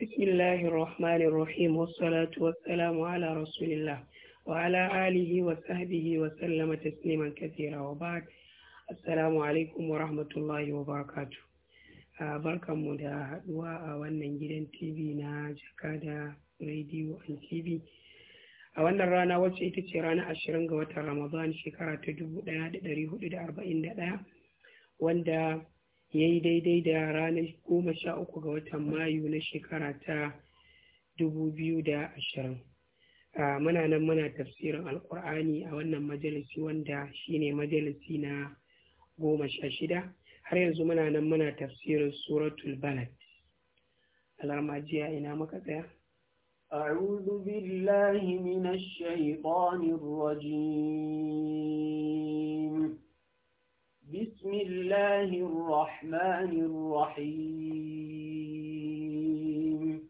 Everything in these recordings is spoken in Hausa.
بسم الله الرحمن الرحيم والصلاة والسلام على رسول الله وعلى آله وصحبه وسلم تسليما كثيرا وبعد السلام عليكم ورحمة الله وبركاته da haɗuwa a wannan gidan tv na jakada radio and tv wannan rana wacce ita ce rana ashirin ga watan ramadan shekara ta 1441 wanda ya yi daidai da ranar goma sha uku ga watan mayu na shekara ta dubu biyu da ashirin muna nan muna tafsirin alkur'ani a wannan majalisi wanda shine majalisi na goma sha shida har yanzu muna nan muna tafsirin suratul balad alama jiya ina maka tsaya أعوذ بالله من الشيطان الرجيم بسم الله الرحمن الرحيم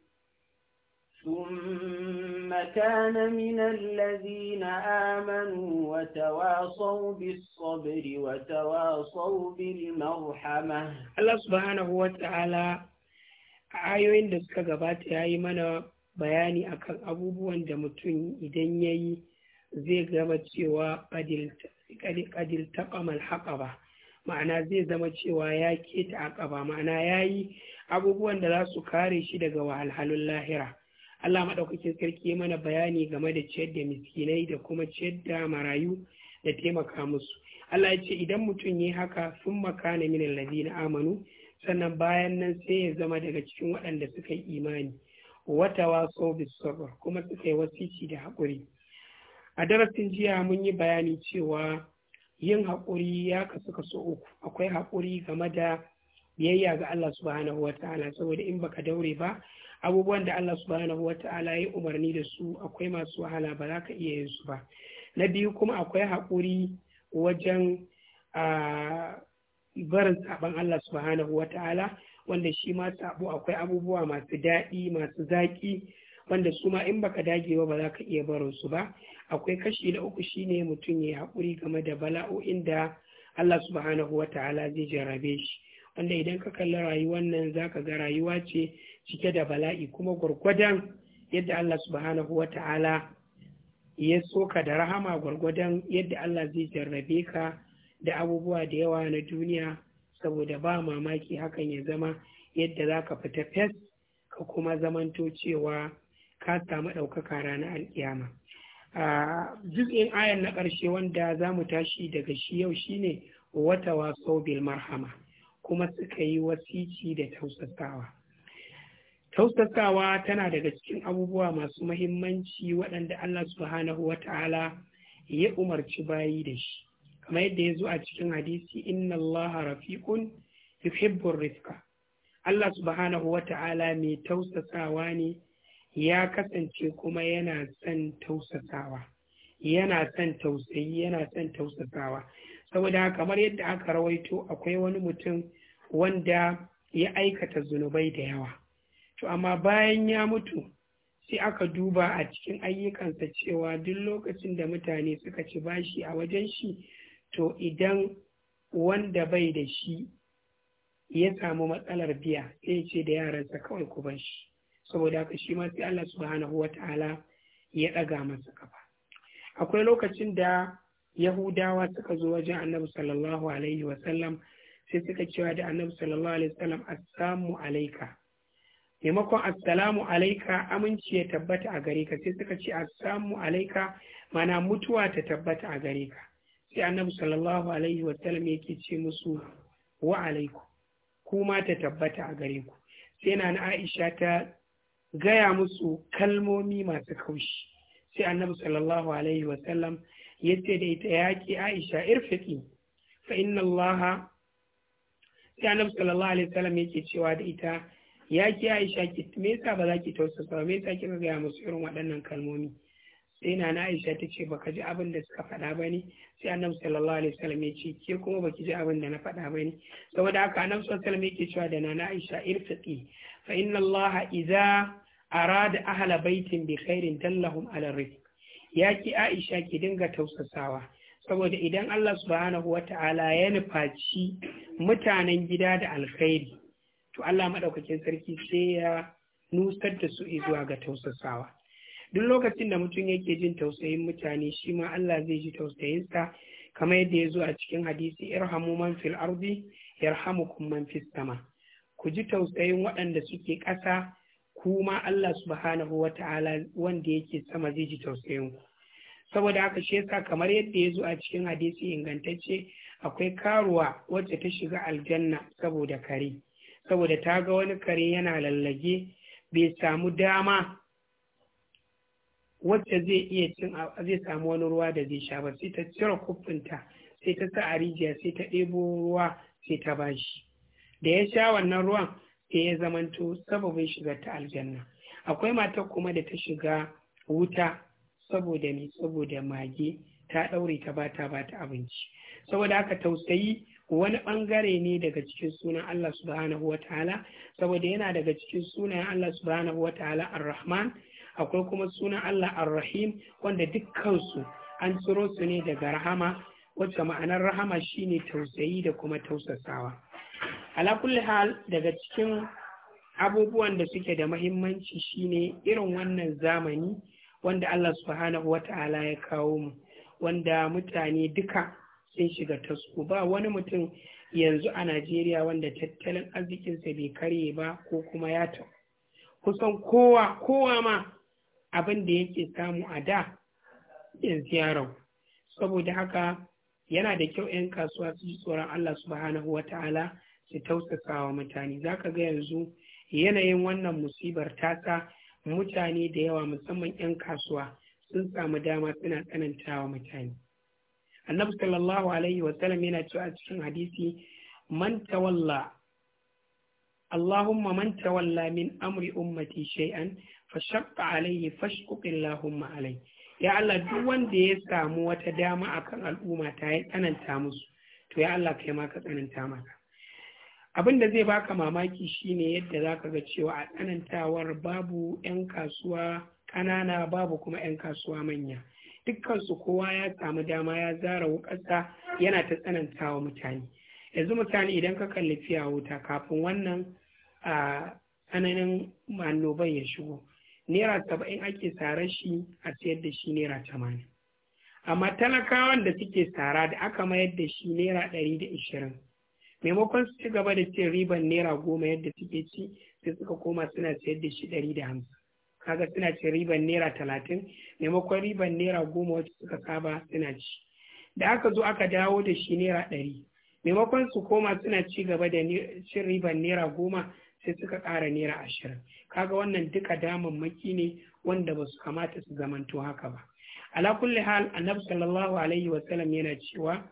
ثم كان من الذين آمنوا وتواصوا بالصبر وتواصوا بالمرحمة الله سبحانه وتعالى ayoyin da suka gabata ya yi mana bayani akan abubuwan da mutum idan ya yi zai gama cewa ƙadil taƙamal haƙa ba ma'ana zai zama cewa ya keta a ƙaba ma'ana ya yi abubuwan da za su kare shi daga wahalhalun lahira Allah maɗaukakin sarki mana bayani game da ciyar da miskinai da kuma ciyar da marayu da taimaka musu Allah ya ce idan mutum yi haka sun makana min na amanu sannan bayan nan sai ya zama daga cikin waɗanda suka yi imani wata waso kuma suka yi wasici da haƙuri a darasin jiya mun yi bayani cewa yin haƙuri ya kasu kaso uku akwai haƙuri game da biyayya ga Allah subhanahu wa ta'ala saboda in baka daure ba abubuwan da Allah subhanahu wa ta'ala ya umarni da su akwai masu wahala ba za ka iya yin su ba na biyu kuma akwai haƙuri wajen barin sabon Allah subhanahu wa ta'ala wanda shi ma sabo akwai abubuwa masu daɗi masu zaƙi wanda su ma in baka dagewa ba za ka iya barin su ba akwai kashi na uku shine mutum ya haƙuri game da bala'o'in da Allah subhanahu wa ta'ala zai jarabe shi wanda idan ka kalli rayuwar nan zaka ga rayuwa ce cike da bala'i kuma gwargwadon yadda Allah subhanahu wa ta'ala ya soka da rahama gwargwadon yadda Allah zai jarrabe ka da abubuwa da yawa na duniya saboda ba mamaki hakan ya zama yadda za ka fita fes ka kuma zamanto cewa ka samu ɗaukaka ranar alkiyama juz'in ayan na ƙarshe wanda za mu tashi daga shi yau shine wata waso bil marhama kuma suka yi wasici da tausasawa tausasawa tana daga cikin abubuwa masu mahimmanci waɗanda Allah subhanahu wa ta'ala ya umarci bayi da shi kamar yadda ya zo a cikin hadisi inna Allah rafiqun yuhibbur rifka. Allah subhanahu wa ta'ala mai tausasawa ne ya kasance kuma yana son tausasawa yana son tausayi yana son tausasawa saboda kamar yadda aka rawaito akwai wani mutum wanda ya aikata zunubai da yawa to amma bayan ya mutu sai aka duba a cikin ayyukansa cewa duk lokacin da mutane suka ci bashi a wajen shi to idan wanda bai da shi ya samu matsalar biya sai ce da yaransa kawai ku bar shi saboda haka shi ma sai Allah subhanahu Ta'ala ya ɗaga masa kafa akwai lokacin da yahudawa suka zo wajen annabi sallallahu alaihi sallam sai suka cewa da annabi sallallahu alaihi sallam assalamu alaika maimakon assalamu alaika aminci ya tabbata a gare ka sai suka ce assalamu alaika mana mutuwa ta tabbata a gare ka sai annabi sallallahu alaihi sallam yake ce musu wa alaiku kuma ta tabbata a gare ku sai na na aisha ta gaya musu kalmomi masu kaushi sai annabi sallallahu alaihi wasallam ya ce da ita yaƙi aisha irfiki fa inna allah sai annabi sallallahu alaihi wasallam yake cewa da ita yaƙi aisha ki me yasa ba za ki tausasa me yasa kika gaya musu irin waɗannan kalmomi sai na na aisha ta ce baka ji abin da suka faɗa ba ne sai annabi sallallahu alaihi wasallam ya ce ke kuma baki ji abin da na faɗa ba ne saboda haka annabi sallallahu alaihi wasallam yake cewa da na na aisha irfiki fa inna allah idza arada ahla baitin bi khairin dallahum ala rizq ya ki Aisha ki dinga tausasawa saboda idan Allah subhanahu wata'ala ya nufaci mutanen gida da alkhairi to Allah madaukakin sarki sai ya nusar da su zuwa ga tausasawa duk lokacin da mutum yake jin tausayin mutane shi ma Allah zai ji tausayinsa kamar yadda ya zo a cikin hadisi irhamu man fil ardi yarhamukum man fis sama ku ji tausayin waɗanda suke ƙasa kuma Allah subhanahu wa ta'ala wanda yake sama zai ji tausayin saboda haka shi yasa kamar yadda ya zo a cikin hadisi ingantacce akwai karuwa wacce ta shiga aljanna saboda kare saboda ta ga wani kare yana lallage bai samu dama wacce zai iya cin zai samu wani ruwa da zai sha ba sai ta cire kuffinta sai ta sa a rijiya sai ta ɗebo ruwa sai ta bashi da ya sha wannan ruwan sai ya zamanto sababin shiga ta aljanna akwai matar kuma da ta shiga wuta saboda me saboda mage ta ɗaure ta bata bata abinci saboda haka tausayi wani ɓangare ne daga cikin sunan Allah subhanahu ta'ala, saboda yana daga cikin sunayen Allah subhanahu ta'ala ar-Rahman akwai kuma sunan Allah ar-Rahim wanda dukkansu an tsiro su ne daga rahama wacce ma'anar rahama shine tausayi da kuma tausasawa ala kulli hal daga cikin abubuwan da suke da mahimmanci shine irin wannan zamani wanda Allah subhanahu wata'ala ya kawo mu wanda mutane duka sun shiga tasko ba wani mutum yanzu a Najeriya wanda tattalin arzikinsa bai karye ba ko kuma ya ta kusan kowa kowa ma abin da yake samu a da yanzu yaron saboda haka yana da kyau 'yan kasuwa su ji tsoron Allah subhanahu wata'ala su wa mutane za ka ga yanzu yanayin wannan musibar tasa mutane da yawa musamman 'yan kasuwa sun samu dama suna tsanantawa mutane annabi sallallahu alaihi wasallam yana cewa a cikin hadisi man tawalla allahumma man tawalla min amri ummati shay'an fa shaqqa alaihi fashquq allahumma alayhi. ya Allah duk wanda ya samu wata dama akan al'umma ta ya tsananta musu to ya Allah kai ma ka tsananta maka abin da zai baka mamaki shine yadda za ka ga cewa a tsanantawar babu 'yan kasuwa kanana babu kuma 'yan kasuwa manya dukkansu kowa ya samu dama ya zara wukarsa yana ta tsanantawa mutane yanzu mutane idan ka kalli fiya wuta kafin wannan a tsananin annoban ya shigo naira saba'in ake sare shi a sayar da shi naira tamanin amma talakawan da suke tsara da aka mayar da shi naira ɗari da ishirin maimakon su ci gaba da cin riban naira goma yadda suke ci sai suka koma suna sayar da shi ɗari da hamsin kaga suna cin riban naira talatin maimakon riban naira goma wacce suka saba suna ci da aka zo aka dawo da shi naira ɗari maimakon su koma suna ci gaba da cin riban naira goma sai suka ƙara naira ashirin kaga wannan duka damammaki ne wanda ba su kamata su zamanto haka ba ala kulli hal annabi sallallahu alaihi wa sallam yana cewa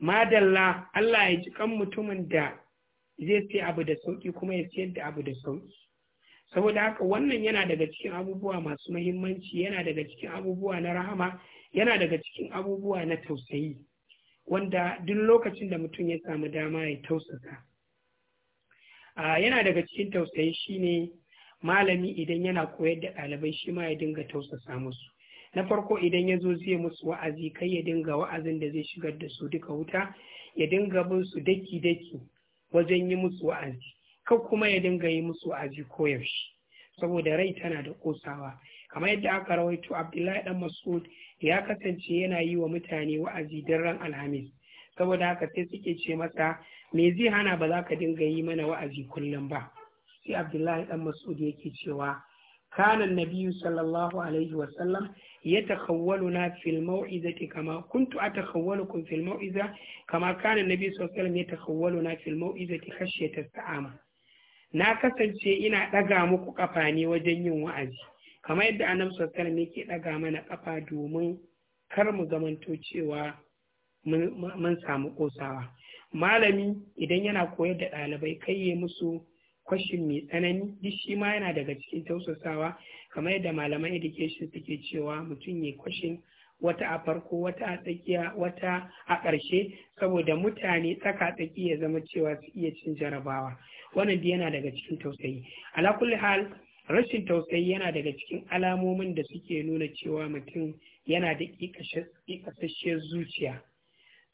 madalla Allah ya ji kan mutumin da zai sai abu da sauki kuma ya siyar da abu da sauki saboda haka wannan yana daga cikin abubuwa masu mahimmanci yana daga cikin abubuwa na rahama yana daga cikin abubuwa na tausayi wanda duk lokacin da mutum ya samu dama ya tausasa yana daga cikin tausayi shine malami idan yana koyar da ɗalibai shi ma ya dinga tausasa musu na farko idan ya zo zai musu wa'azi kai ya dinga wa'azin da zai shigar da su duka wuta ya dinga bin su daki-daki wajen yi musu wa'azi kai kuma ya dinga yi musu wa'azi koyaushe saboda rai tana da kosawa kamar yadda aka rawaito abdullahi dan mas'ud ya kasance yana yi wa mutane wa'azi don ran alhamis saboda haka sai suke ce masa me zai hana ba za ka dinga yi mana wa'azi kullum ba sai abdullahi dan mas'ud yake cewa kanan nabiyu sallallahu alaihi wasallam يتخولنا في الموعظة كما كنت أتخولكم في الموعظة كما كان النبي صلى الله عليه وسلم يتخولنا في الموعظة خشية السعامة na kasance ina ɗaga muku ƙafa ne wajen yin wa'azi kamar yadda annabi sallallahu alaihi yake ɗaga mana ƙafa domin kar mu zamanto cewa mun samu ƙosawa malami idan yana koyar da ɗalibai kai ya musu kwashin mai tsanani duk shi ma yana daga cikin tausasawa kamar yadda malaman education suke cewa mutum ya kwashin wata a farko wata a tsakiya wata a ƙarshe saboda mutane tsaka tsaki ya zama cewa su iya cin jarabawa wannan da yana daga cikin tausayi ala kulli hal rashin tausayi yana daga cikin alamomin da suke nuna cewa mutum yana da ƙiƙasasshiyar zuciya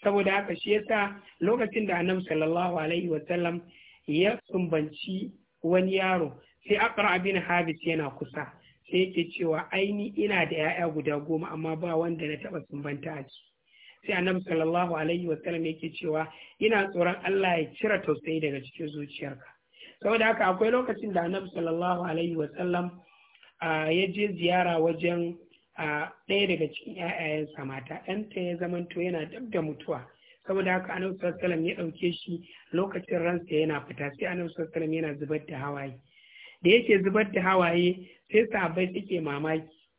saboda haka shi yasa lokacin da annabi sallallahu alaihi wa sallam ya sumbanci wani yaro sai aqra bin habis yana kusa sai yake cewa aini ina da ‘ya'ya guda goma amma ba wanda na taɓa sumbanta a ciki. Sai annabi sallallahu alaihi wa sallam yake cewa ina tsoron Allah ya cire tausayi daga cikin zuciyarka. Saboda haka akwai lokacin da annabi sallallahu alaihi wa sallam ya je ziyara wajen ɗaya daga cikin ‘ya'yayensa mata ɗanta ya zamanto yana dab da mutuwa. saboda haka annabi sallallahu alaihi wa sallam ya ɗauke shi lokacin ransa yana fita sai annabi sallallahu alaihi wa sallam yana zubar da hawaye da yake zubar da hawaye sai sahabbai suke mamaki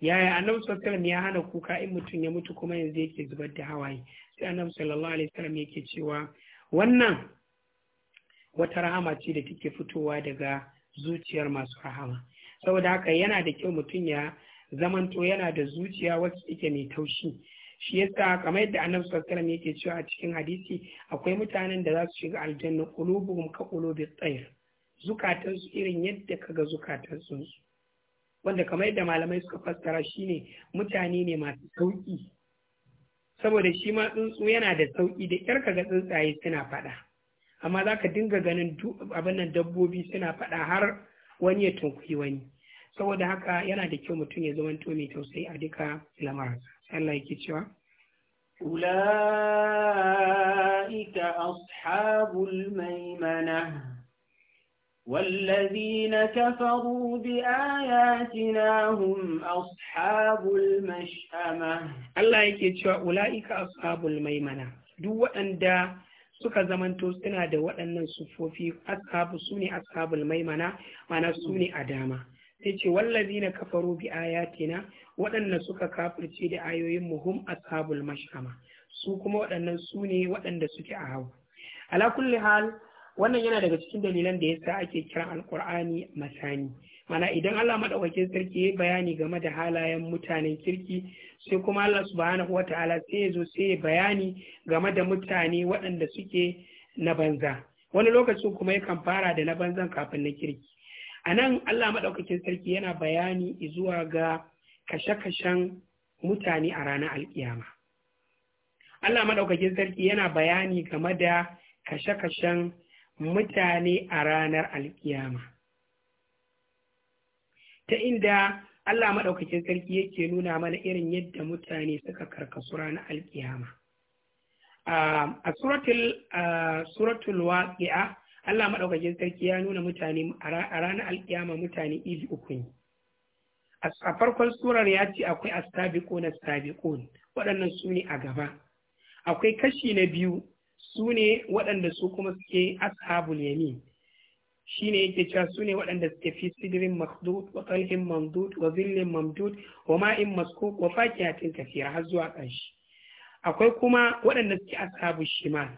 yaya annabi sallallahu ya hana kuka in mutum ya mutu kuma yanzu yake zubar da hawaye sai annabi sallallahu alaihi wasallam yake cewa wannan wata rahama ce da take fitowa daga zuciyar masu rahama saboda haka yana da kyau mutum ya zamanto yana da zuciya wacce take mai taushi shi yasa kamar yadda annabi sallallahu alaihi yake cewa a cikin hadisi akwai mutanen da za su shiga aljanna qulubuhum ka qulubi tsayr zukatansu irin yadda kaga zukatan tsuntsu wanda kamar yadda malamai suka fassara shine mutane ne masu sauƙi saboda shi ma tsuntsu yana da sauki da ƙyar kaga tsuntsaye suna faɗa amma za ka dinga ganin abin nan dabbobi suna faɗa har wani ya tunkuyi wani saboda haka yana da kyau mutum ya zamanto mai tausayi a duka lamarinsa Allah yake cewa أولئك أصحاب الميمنة والذين كفروا بآياتنا هم أصحاب المشأمة الله يكتشوى أولئك أصحاب الميمنة دو أندا suka zamanto suna da waɗannan sufofi ashabu su ne ashabul maimana mana su ne a dama sai ce wallazi na kafaro bi ayatina waɗanda suka kafirce da ayoyin muhum ashabul mashama su kuma waɗannan su ne waɗanda suke a hau ala kulli hal wannan yana daga cikin dalilan da yasa ake kiran alkur'ani masani mana idan Allah madaukakin sarki ya bayani game da halayen mutanen kirki sai kuma Allah subhanahu wataala sai ya zo sai ya bayani game da mutane waɗanda suke na banza wani lokaci kuma yakan fara da na banzan kafin na kirki a nan Allah madaukakin sarki yana bayani zuwa ga kashe-kashen mutane a ranar alkiyama Allah madaukakin sarki yana bayani game da kashe-kashen mutane a ranar alkiyama ta inda Allah maɗaukakin sarki yake nuna mana irin yadda mutane suka karkasu ranar alkiyama a suratul waƙi'a Allah maɗaukakin sarki ya nuna mutane a ranar alkiyama mutane iri uku ne a farkon surar ya ce akwai na astabiqun waɗannan su ne a gaba akwai kashi na biyu su ne waɗanda su kuma suke ashabul yamin shi ne yake cewa su ne waɗanda suke fi sidirin makdud wa kalhin mamdud wa zillin mamdud wa ma'in maskub wa fakiyatin kafira har zuwa ƙarshe akwai kuma waɗanda suke ashabu shimal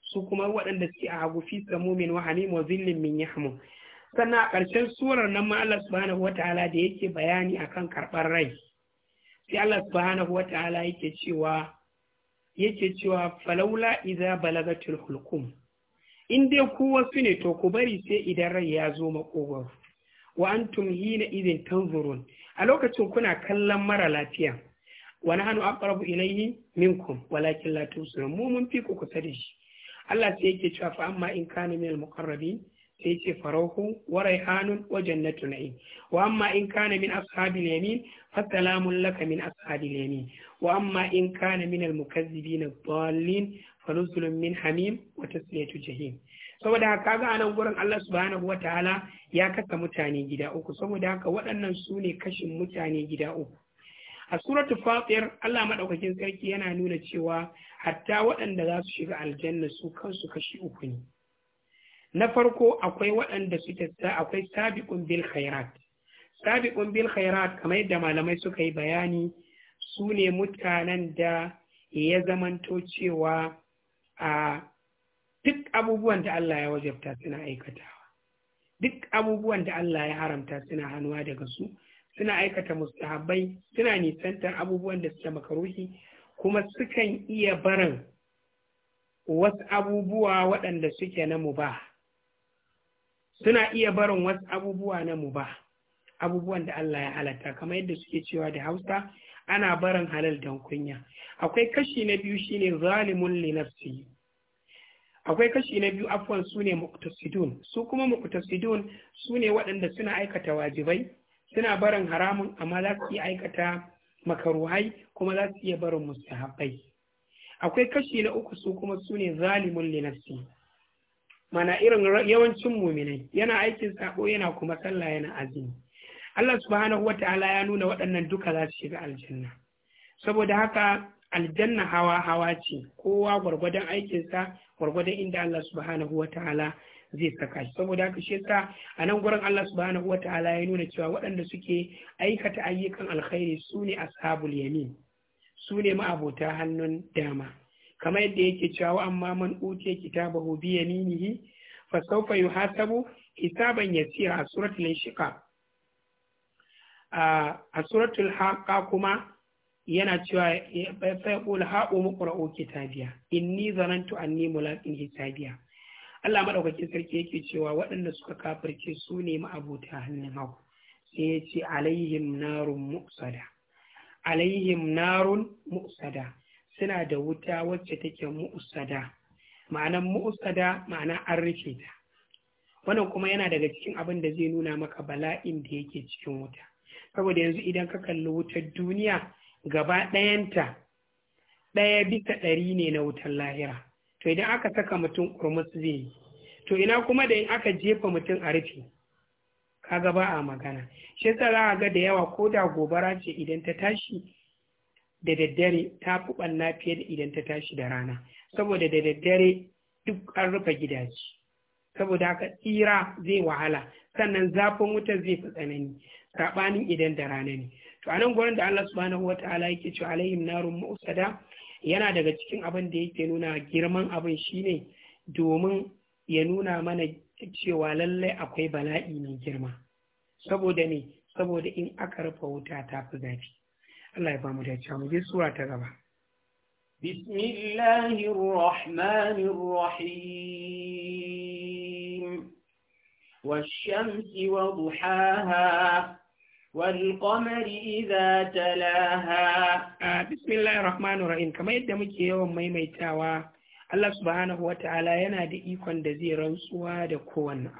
su kuma waɗanda suke a hagu fi samumin wa hamim wa zillin min yahmum sannan a ƙarshen surar nan ma Allah subhanahu wataala da yake bayani akan karɓar rai sai Allah subhanahu wataala yake cewa yake cewa falaula idza balagatul hulkum in dai ku wasu ne to ku bari sai idan rai ya zo makogwaro wa antum hina idin tanzurun a lokacin kuna kallon mara lafiya wa nahnu aqrabu ilayhi minkum walakin la tusirun mu mun fi ku kusa shi Allah sai yake cewa fa amma in kana minal muqarrabin sai ce farauhu wa raihanun wa jannatu na'im wa amma in kana min ashabil yamin fa salamun laka min ashabil yamin wa amma in kana min al mukazzibin ad-dallin fa nuzulun min hamim wa tasliyatu jahim saboda haka ga anan gurin Allah subhanahu wa ta'ala ya kasa mutane gida uku saboda haka waɗannan su ne kashin mutane gida uku a suratul fatir Allah madaukakin sarki yana nuna cewa hatta waɗanda za su shiga aljanna su kansu kashi uku ne na farko akwai waɗanda suke akwai sabiqun bil khairat sabiqun bil khairat kamar yadda malamai suka yi bayani su ne mutanen da ya zamanto cewa a duk abubuwan da Allah ya wajabta suna aikatawa duk abubuwan da Allah ya haramta suna hannuwa daga su suna aikata mustahabbai suna nisantar abubuwan da suke makaruhi kuma sukan iya barin wasu abubuwa waɗanda suke na mubaha suna iya barin wasu abubuwa na mu ba abubuwan da Allah ya halatta kamar yadda suke cewa da Hausa ana barin halal dan kunya akwai kashi na biyu shine zalimun li nafsi akwai kashi na biyu afwan sune muqtasidun su kuma muqtasidun sune waɗanda suna aikata wajibai suna barin haramun amma za su iya aikata makaruhai kuma za su iya barin mustahabbai akwai kashi na uku su kuma sune zalimun li nafsi mana irin yawancin muminai yana aikin sako yana kuma sallah yana azumi Allah subhanahu wa ta'ala ya nuna waɗannan duka za su shiga aljanna saboda haka aljanna hawa hawa ce kowa gwargwadon aikinsa gwargwadon inda Allah subhanahu wa ta'ala zai saka shi saboda haka shi yasa a nan gurin Allah subhanahu wa ta'ala ya nuna cewa waɗanda suke aikata ayyukan alkhairi sune ne ashabul yamin Sune ne ma'abota hannun dama kamar yadda yake cewa amma man utiya kitabahu bi yaminihi fa sawfa yuhasabu hisaban yasira a suratul Shika, a suratul haqa kuma yana cewa fa yaqul ha'u muqra'u kitabiya inni zanantu anni mulakin hisabiya Allah madaukakin sarki yake cewa waɗanda suka kafirce su ne ma'abuta hannun hau sai ya ce alaihim narun mu'sada alaihim narun mu'sada suna da wuta wacce take mu'usada ma'anan mu'usada ma'ana an rufe ta wannan kuma yana daga cikin abin da zai nuna maka bala'in da yake cikin wuta saboda yanzu idan ka kalli wutar duniya gaba ɗayanta ɗaya bisa ɗari ne na wutar lahira to idan aka saka mutum kurmus zai yi to ina kuma da in aka jefa mutum a rufe kaga ba a magana shi yasa za ga da yawa ko da gobara ce idan ta tashi da daddare ta fi ɓanna fiye da idan ta tashi da rana saboda da daddare duk an rufe gidaje saboda haka tsira zai wahala sannan zafin wutar zai fi tsanani saɓanin idan da rana ne to a nan gurin da Allah subhanahu wa ta'ala yake cewa alaihim narun mausada yana daga cikin abin da yake nuna girman abin shine domin ya nuna mana cewa lallai akwai bala'i mai girma saboda ne saboda in aka rufe wuta ta fi zafi Allah ya ba mu dacewa mu je sura ta gaba بسم الله الرحمن الرحيم والشمس وضحاها والقمر إذا تلاها بسم الله الرحمن الرحيم كما يدى muke yawan maimaitawa Allah subhanahu wa ta'ala yana da ikon da zai rantsuwa da kowanne abu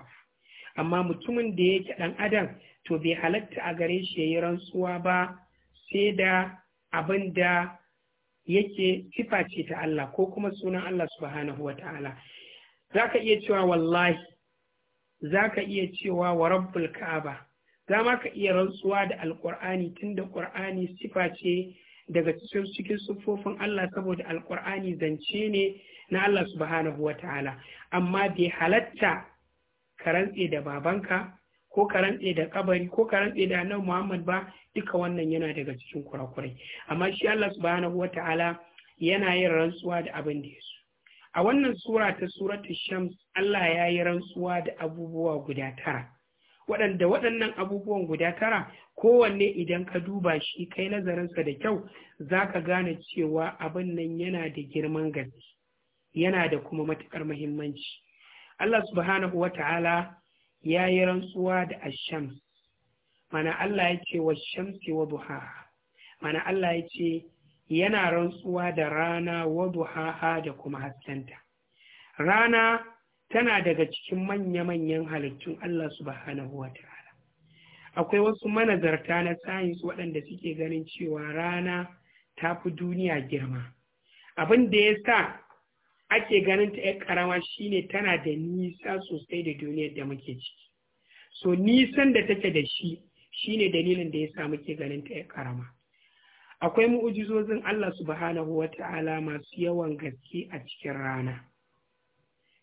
amma mutumin da yake dan adam to bai halatta a gare shi yayi rantsuwa ba sai da abin da yake sifa ce ta Allah ko kuma sunan Allah subhanahu wa ta'ala za ka iya cewa wallahi za ka iya cewa wa rabbul ka'aba za ma ka iya rantsuwa da alƙur'ani da ƙur'ani sifa ce daga cikin siffofin Allah saboda alƙur'ani zance ne na Allah subhanahu wa ta'ala amma bai halatta ka rantse da babanka ko ka rantse da kabari ko ka rantse da annabi Muhammad ba duka wannan yana daga cikin kurakurai amma shi Allah subhanahu wata'ala yana yin rantsuwa da abin da ya a wannan sura ta suratul shams Allah ya yi rantsuwa da abubuwa guda tara waɗanda waɗannan abubuwan guda tara kowanne idan ka duba shi kai nazarin sa da kyau zaka gane cewa abin nan yana da girman gaske yana da kuma matuƙar muhimmanci Allah subhanahu wata'ala ya yi rantsuwa da ashams mana Allah ya ce wa shamsi wa duha mana Allah ya ce yana rantsuwa da rana wa duha da kuma haskenta rana tana daga cikin manya-manyan halittun Allah subhanahu wa ta'ala akwai wasu manazarta na sayins waɗanda suke ganin cewa rana ta fi duniya girma abin da ya sa ake ganin ta 'yar karama shine tana da nisa sosai da duniyar da muke ciki so nisan da take da shi shine dalilin da ya sa muke ganin ta 'yar karama akwai mu'ujizozin Allah subhanahu wa ta'ala masu yawan gaske a cikin rana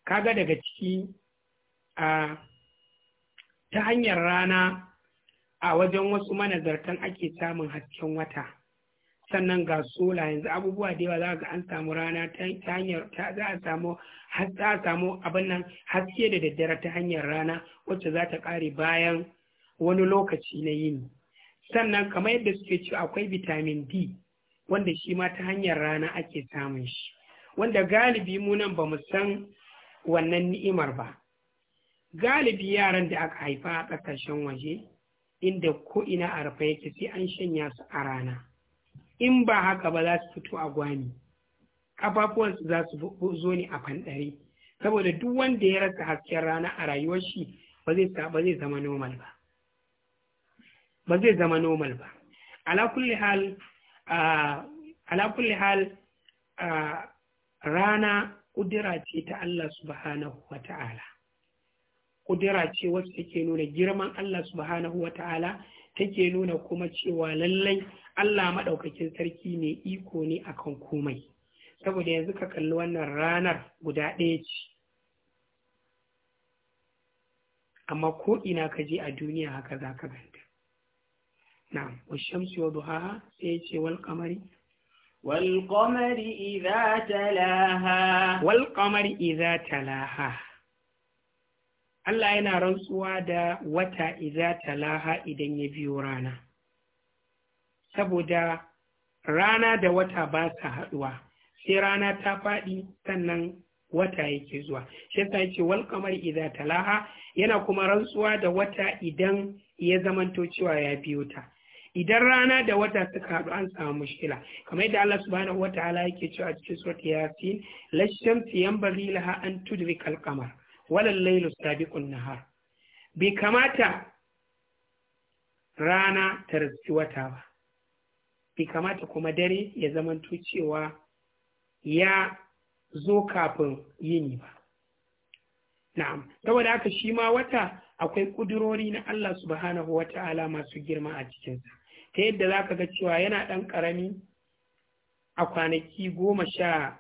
kaga daga ciki a ta hanyar rana a wajen wasu manazartan ake samun hasken wata sannan ga sola yanzu abubuwa da yawa za ga an samu rana ta hanyar za a samu za a samu abin nan haske da daddare ta hanyar rana wacce za ta ƙare bayan wani lokaci na yini sannan kamar yadda suke ci akwai vitamin D wanda shi ma ta hanyar rana ake samun shi wanda galibi mu nan ba mu san wannan ni'imar ba galibi yaran da aka haifa a ƙasashen waje inda ko ina a rufe yake sai an shanya su a rana in ba haka ba za su fito a gwani ƙafafuwansu za su zo ne a fanɗare saboda duk wanda ya rasa hasken rana a rayuwar shi ba zai zama normal ba ba zai zama normal ba ala kulli hal rana kudura ce ta Allah subhanahu wa ta'ala kudura ce wacce take nuna girman Allah subhanahu wa ta'ala take nuna kuma cewa lallai Allah maɗaukakin sarki ne iko ne akan komai saboda yanzu ka kalli wannan ranar guda ɗaya ce amma ko ina ka je a duniya haka za ka ganta na washamsu wa duha sai ce wal qamari wal qamari idza talaha wal qamari idza talaha Allah yana rantsuwa da wata iza talaha idan ya biyo rana saboda rana da wata ba sa haɗuwa sai rana ta faɗi sannan wata yake zuwa shi yake wal kamar talaha yana kuma rantsuwa da wata idan ya zamanto cewa ya biyo ta idan rana da wata suka haɗu an samu mushkila kamar yadda Allah subhanahu ala yake cewa a cikin surat yasin lashamsi bari laha an tudrika kalkamar. walal lailu sabiqun nahar bai kamata rana ta rizki wata ba bai kamata kuma dare ya zamanto cewa ya zo kafin yini ba na'am saboda haka shi ma wata akwai kudurori na Allah subhanahu wa ta'ala masu girma a cikinsa ta yadda za ka ga cewa yana ɗan ƙarami a kwanaki goma sha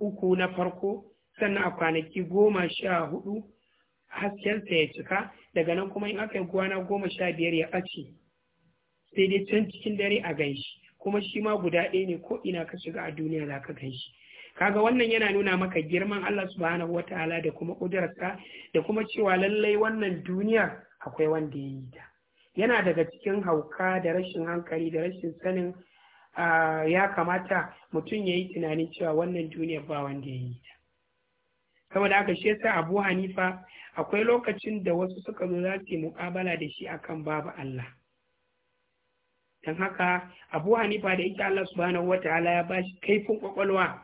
uku na farko sannan a kwanaki goma sha hudu haskensa ya cika daga nan kuma in aka yi kwana goma sha biyar ya ɓace sai dai can cikin dare a ganshi kuma shi ma guda ɗaya ne ko ina ka shiga a duniya za ka ganshi kaga wannan yana nuna maka girman Allah subhanahu Ta'ala da kuma kudarsa da kuma cewa lallai wannan duniya akwai wanda ya yi ta yana daga cikin hauka da rashin hankali da rashin sanin ah, ya kamata mutum ya yi tunanin cewa wannan duniya ba wanda ya yi ta saboda haka shi yasa abu hanifa akwai lokacin da wasu suka zo za su yi muk'abala da shi akan babu Allah don haka abu hanifa da yake Allah subhanahu wataala ya bashi kaifin kwakwalwa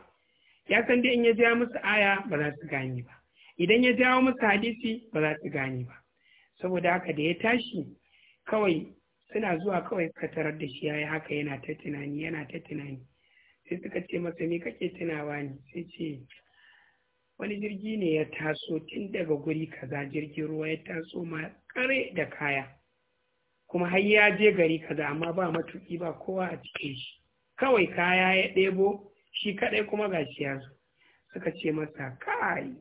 ya san dai in ya ja musu aya ba za su gane ba idan ya jawo musu hadisi ba za su gane ba saboda haka da ya tashi kawai suna zuwa kawai suka tarar da shi yayi haka yana ta tunani yana ta tunani sai suka ce masa me kake tunawa ne sai ce wani jirgi ne ya taso tun daga guri kaza jirgin ruwa ya taso ma kare da kaya kuma har ya je gari kaza amma ba matuki ba kowa a cikin shi kawai kaya ya ɗebo shi kaɗai kuma gashi ya zo suka ce masa kai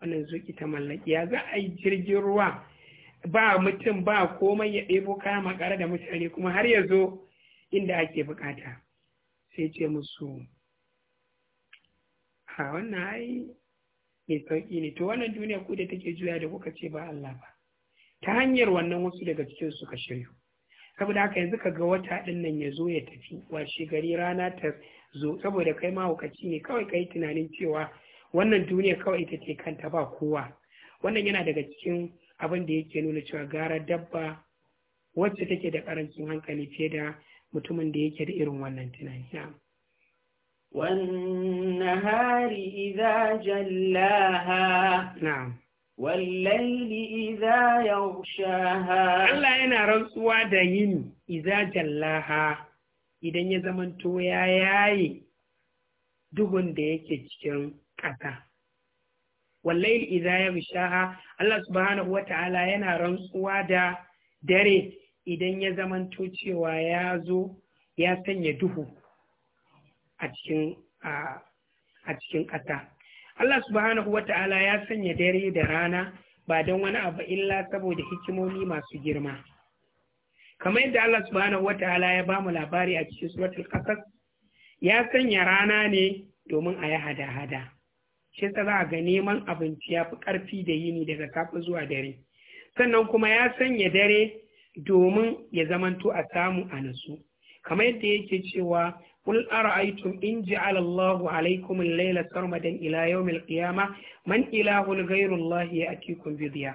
wannan zuki ta mallaki ya za a yi jirgin ruwa ba mutum ba komai ya ɗebo kaya makara da mutane kuma har ya zo inda ake bukata sai ce musu ka wannan ai mai sauƙi ne to wannan duniya ku da take juya da kuka ce ba Allah ba ta hanyar wannan wasu daga cikin suka shiryu saboda haka yanzu ka ga wata din nan ya zo ya tafi washe gari rana ta zo saboda kai mahaukaci ne kawai kai tunanin cewa wannan duniya kawai ita ce kanta ba kowa wannan yana daga cikin abin da yake nuna cewa gara dabba wacce take da karancin hankali fiye da mutumin da yake da irin wannan tunani na'am والنهار إذا جلاها نعم والليل إذا يغشاها الله yana rantsuwa da yin idza jallaha idan ya zamanto ya yaye duhun da yake cikin ƙasa wallail idza yaghshaha Allah subhanahu wata'ala yana rantsuwa da dare idan ya zamanto cewa ya zo ya sanya duhu a cikin ƙasa Allah subhanahu wa ta'ala ya sanya dare da rana ba don wani abu illa saboda hikimomi masu girma kamar yadda Allah subhanahu wa ta'ala ya ba mu labari a cikin suratul qasas ya sanya rana ne domin a yi hada-hada shi yasa za a ga neman abinci ya fi ƙarfi da yini daga safe zuwa dare sannan kuma ya sanya dare domin ya zamanto a samu a nasu kamar yadda yake cewa قل أرأيتم إن جعل الله عليكم الليل سرمدا إلى يوم القيامة من إله غير الله يأتيكم بضياء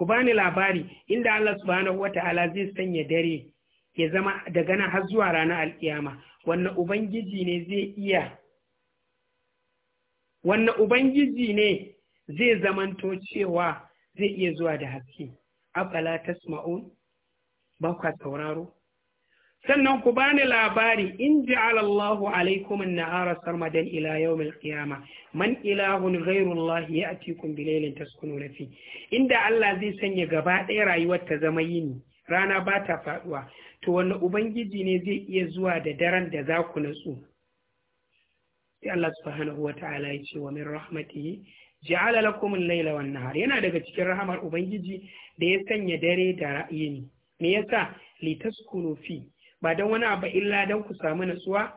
كباني لاباري إن دع الله سبحانه وتعالى زي سن يدري يزما دغنا هزوا رانا القيامة وأن أبنجي نزي إياه وأن أبنجي ne zai zamanto cewa zai iya zuwa da haske afala tasma'un ba kwa sannan ku bani labari in ji alallahu alaikum na nahara sarmadan ila yawm al kiyama, man ilahun ghayru Allah ya'tikum bi laylin na fi inda Allah zai sanya gaba ɗaya rayuwar ta zama yini rana ba ta faɗuwa, to wanda ubangiji ne zai iya zuwa da daren da za ku natsu sai Allah subhanahu ta'ala ya ce wa min rahmatihi ja'ala lakum al-layla wan-nahar yana daga cikin rahamar ubangiji da ya sanya dare da yini me yasa litaskunu fi ba don wani abu illa don ku samu nutsuwa?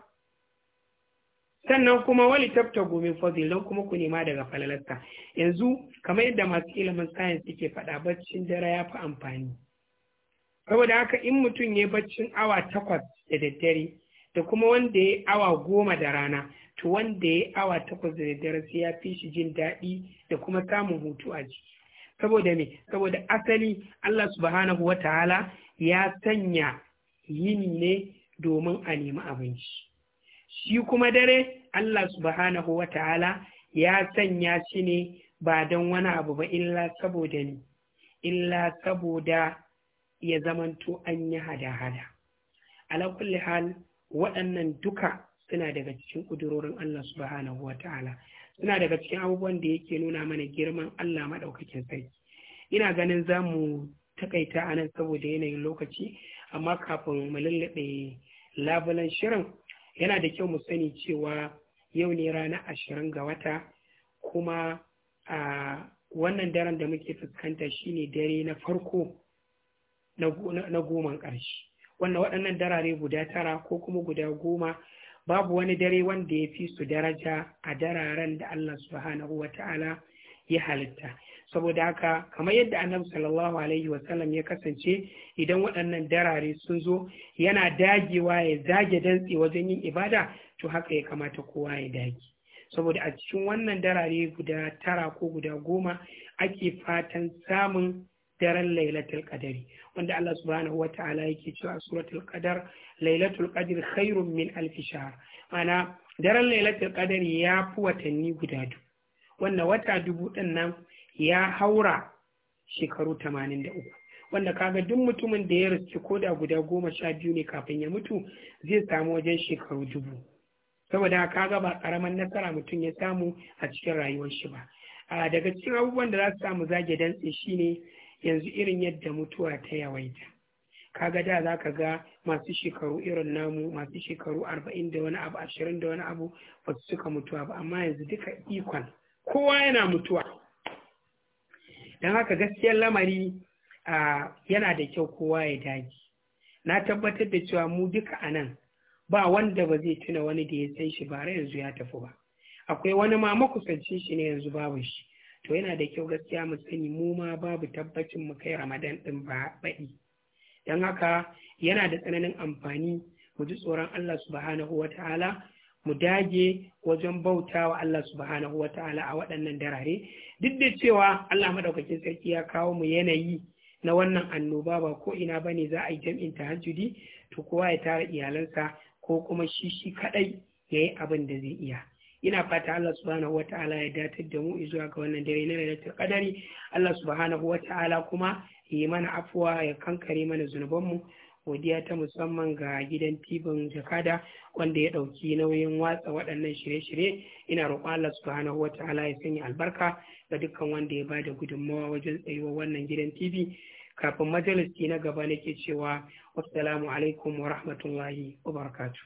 sannan kuma wali tafta gomin fazil don kuma ku nema daga falalasta yanzu kamar yadda masu ilimin sayan suke faɗa baccin dare ya fi amfani saboda haka in mutum ya baccin awa takwas da daddare da kuma wanda ya awa goma da rana to wanda ya awa takwas da daddare sai ya fi shi jin daɗi da kuma samun hutu a jiki saboda me saboda asali Allah subhanahu wa ta'ala ya sanya yini ne domin a nemi abinci shi kuma dare Allah subhanahu wa ta'ala ya sanya shi ne ba don wani abu ba illa saboda ni illa saboda ya zamanto an yi hada-hada Alakulli hal waɗannan duka suna daga cikin ƙudurorin Allah subhanahu wa ta'ala suna daga cikin abubuwan da yake nuna mana girman Allah maɗaukakin sarki ina ganin za mu takaita anan saboda yanayin lokaci amma kafin mu lallaɓe labulan shirin yana da kyau mu sani cewa yau ne rana ashirin ga wata kuma a wannan daren da muke fuskanta shine dare na farko na goman ƙarshe wannan waɗannan darare guda tara ko kuma guda goma babu wani dare wanda ya fi su daraja a dararen da Allah subhanahu wa ta'ala ya halitta saboda haka kamar yadda annabi sallallahu alaihi wasallam ya kasance idan waɗannan darare sun zo yana dagewa ya zage dantse wajen yin ibada to haka ya kamata kowa ya dage saboda a cikin wannan darare guda tara ko guda goma ake fatan samun daren lailatul qadari wanda Allah subhanahu wata'ala yake cewa a suratul qadar lailatul qadri khairun min alf shahr ana daren lailatul qadari ya fi watanni guda duk, wannan wata dubu din nan ya haura shekaru 83 wanda kaga duk mutumin da ya rasu ko da guda goma sha biyu ne kafin ya mutu zai samu wajen shekaru dubu saboda kaga ba karaman nasara mutum ya samu a cikin rayuwar shi ba a daga cikin abubuwan da za su samu zage dantse shine yanzu irin yadda mutuwa ta yawaita kaga da za ka ga masu shekaru irin namu masu shekaru arba'in da wani abu ashirin da wani abu ba su suka mutuwa ba amma yanzu duka ikon kowa yana mutuwa don haka gaskiyar lamari yana da kyau kowa ya dage na tabbatar da cewa mu duka a nan ba wanda ba zai tuna wani da ya san shi ba yanzu ya tafi ba akwai wani ma makusancin shi ne yanzu babu shi to yana da kyau gaskiya mu sani mu ma babu tabbacin mu kai ramadan din ba baɗi don haka yana da tsananin amfani mu ji tsoron Allah subhanahu wa ta'ala mu dage wajen bauta wa Allah subhanahu wa ta'ala a waɗannan darare duk da cewa Allah madaukakin sarki ya kawo mu yanayi na wannan annoba ba ko ina bane za a yi jam'in tahajjudi to kowa ya tara iyalansa ko kuma shi shi kadai ya yi abin da zai iya ina fata Allah subhanahu wa ta'ala ya datar da mu zuwa ga wannan dare na lailatul qadari Allah subhanahu wa ta'ala kuma yi mana afuwa ya kankare mana zunubanmu godiya ta musamman ga gidan tibin jakada wanda ya ɗauki nauyin watsa waɗannan shirye-shirye ina roƙon Allah subhanahu wa ta'ala ya sanya albarka ga dukkan wanda ya bada gudunmawa wajen tsayuwar wannan gidan tv kafin majalisi na gaba nake cewa wassalamu alaikum wa rahmatullahi wa barakatuh